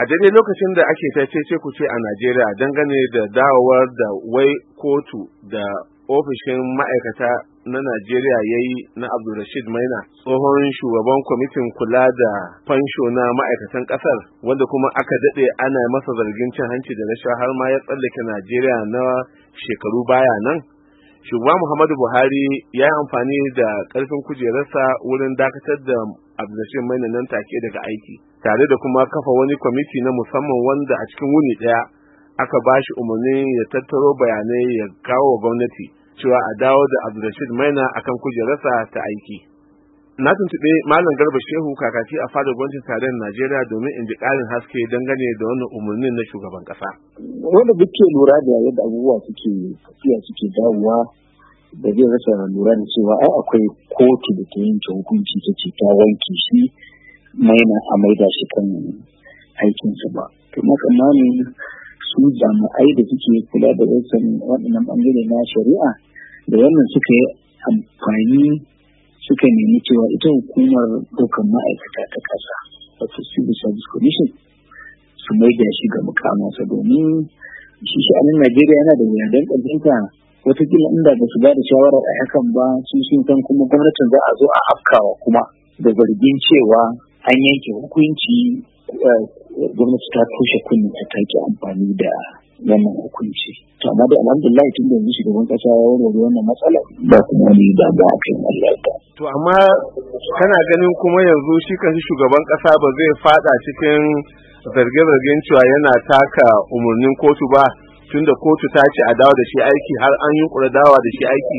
a daidai lokacin da ake ta ce ku ce a najeriya dangane da dawowar da wai kotu da ofishin ma'aikata na najeriya ya yi na abdulrashid maina tsohon shugaban kwamitin kula da fansho na ma'aikatan Ƙasar, wanda kuma aka daɗe ana masa zargin cin hanci da rashawa har ma ya tsallake najeriya na shekaru baya nan shugaba muhammadu buhari ya yi amfani da ƙarfin kujerarsa wurin dakatar da abdulrashid maina nan take daga aiki tare da kuma kafa wani kwamiti na musamman wanda a cikin wuni daya aka ba shi umarni ya tattaro bayanai ya kawo wa gwamnati cewa a dawo da abdulrashid maina akan kujerarsa ta aiki na tuntuɓe malam garba shehu kakaki a fadar gwamnatin tarayyar najeriya domin in ji karin haske dangane da wannan umarnin na shugaban kasa wanda muke lura da yadda abubuwa suke tafiya suke dawowa da zai rasa lura da cewa ai akwai kotu da ta yanke hukunci ta ce ta wanke shi maina a da shi kan su ba kuma tsammanin su jami'ai da suke kula da wancan waɗannan bangare na shari'a da wannan suka yi amfani suka nemi cewa ita hukumar dokar ma'aikata ta ƙasa wato civil service commission su mai da shi ga mukamansa domin shi a najeriya yana da wuya don ƙarfinta watakila inda ba su ba da shawarar a hakan ba sun sun san kuma gwamnatin za a zo a afkawa kuma da zargin cewa an yanke hukunci eh, gwamnati ta toshe kunni ta take amfani da wannan hukunci to amma da alhamdulillah tun da yanzu shugaban kasa ya warware wannan matsala ba kuma wani ba ba a Allah to amma kana ganin kuma yanzu shi kanshi shugaban kasa ba zai fada cikin zarge-zargen cewa yana taka umarnin kotu ba tunda kotu ta ce a dawo da shi aiki har an yi dawa da shi aiki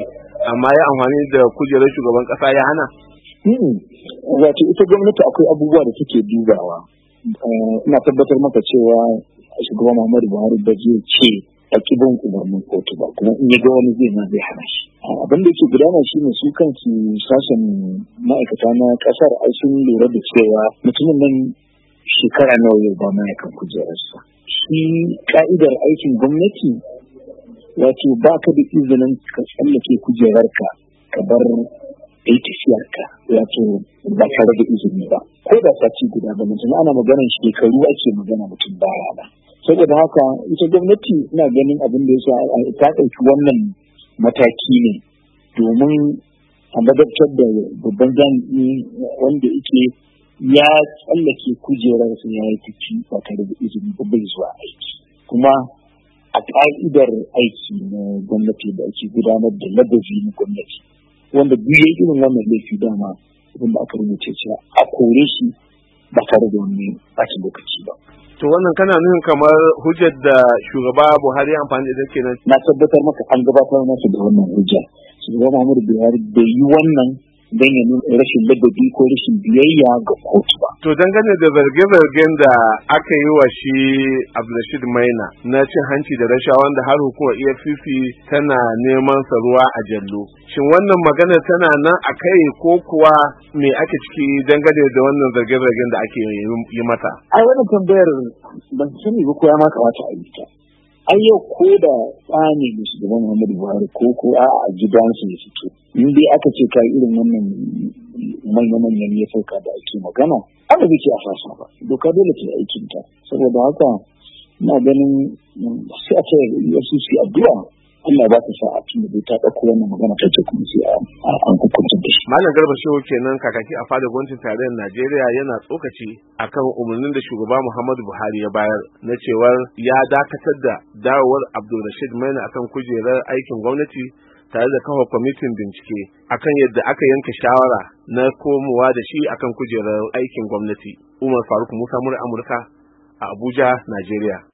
amma ya amfani da kujerar shugaban kasa ya hana Hmm. Wato ita gwamnati akwai abubuwa da suke dubawa. Eh, ina tabbatar maka cewa shugaban mamadu Buhari ba zai ce a kibin umarnin kotu ba kuma in ya ga wani zai na zai hana shi. Ah, abin da ke gudana shi ne su kansu sashen ma'aikata na kasar ai lura da cewa mutumin nan shekara nawa yau ba ma'aikan kujerarsa. Shi ka'idar aikin gwamnati wato ba ka da izinin ka tsallake kujerarka ka bar da yi ya wato ba tare da izini ba ko da ci guda ba mutum ana maganar shekaru ake magana mutum baya ba saboda haka ita gwamnati ina ganin abin da ya sa ta ɗauki wannan mataki ne domin a madabtar da babban jami'i wanda yake ya tsallake kujerarsa ya yi tafi ba tare da izini ba bai zuwa aiki kuma a ƙa'idar aiki na gwamnati da ake gudanar da ladabi na gwamnati wanda biyu ya irin wannan laifi dama abin da aka rubuce cewa a kore shi ba tare da wani ɓacin lokaci ba. To wannan kana nuna kamar hujjar da shugaba Buhari amfani da take nan. Na tabbatar maka an gabatar masa da wannan hujja. Shugaba Muhammadu Buhari bai yi wannan don ya nuna rashin ladabi ko rashin biyayya ga kotu. to dangane da zarge-zargen da aka yi wa shi abdulrashid maina na cin hanci da rashawa wanda har hukumar efcc tana neman sa ruwa a jallo shin wannan magana tana nan a kai ko kuwa me ake ciki dangane da wannan zarge-zargen da ake yi mata ai wannan tambayar ban sani ba ko ya ma kamata a yi ta ai yau ko da tsani da gaban muhammadu buhari ko ko a gidansu ya fito in dai aka ce ka irin wannan manya-manyan ya sauka da ake magana ana zai a fasa ba doka dole ta aikin ta saboda haka ina ganin mm, sai a ce wasu su addu'a Allah ba ta a tun da ta ɗauko wannan magana ta ce kuma sai an hukunta da shi. Malam Garba Shehu kenan kakaki a fadar gwamnatin tarayyar Najeriya yana tsokaci akan umarnin da shugaba Muhammadu Buhari ya bayar na cewar ya dakatar da dawowar Abdulrashid Maina akan kujerar aikin gwamnati tare da kafa kwamitin bincike akan yadda aka yanke shawara na komowa da shi akan kujerar aikin gwamnati umar faruk musa mura amurka a abuja najeriya